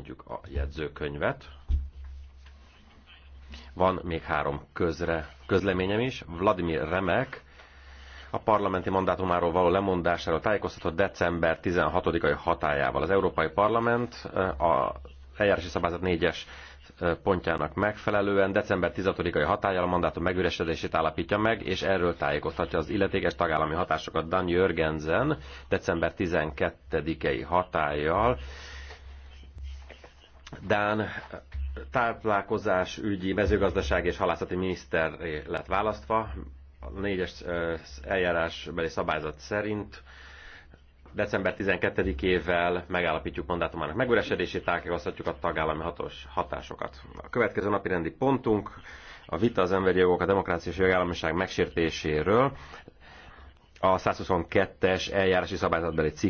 tekintjük a jegyzőkönyvet. Van még három közre, közleményem is. Vladimir Remek a parlamenti mandátumáról való lemondásáról tájékoztatott december 16-ai hatájával. Az Európai Parlament eh, a eljárási szabályzat 4-es eh, pontjának megfelelően december 16-ai hatájával a mandátum megüresedését állapítja meg, és erről tájékoztatja az illetékes tagállami hatásokat Dan Jörgensen december 12-i hatállyal Dán táplálkozás ügyi, mezőgazdaság és halászati miniszter lett választva. A négyes eljárásbeli szabályzat szerint december 12-ével megállapítjuk mandátumának megüresedését, tágékoztatjuk a tagállami hatos hatásokat. A következő napi rendi pontunk a vita az emberi jogok, a demokrácia és jogállamiság megsértéséről. A 122-es eljárási szabályzatbeli cikk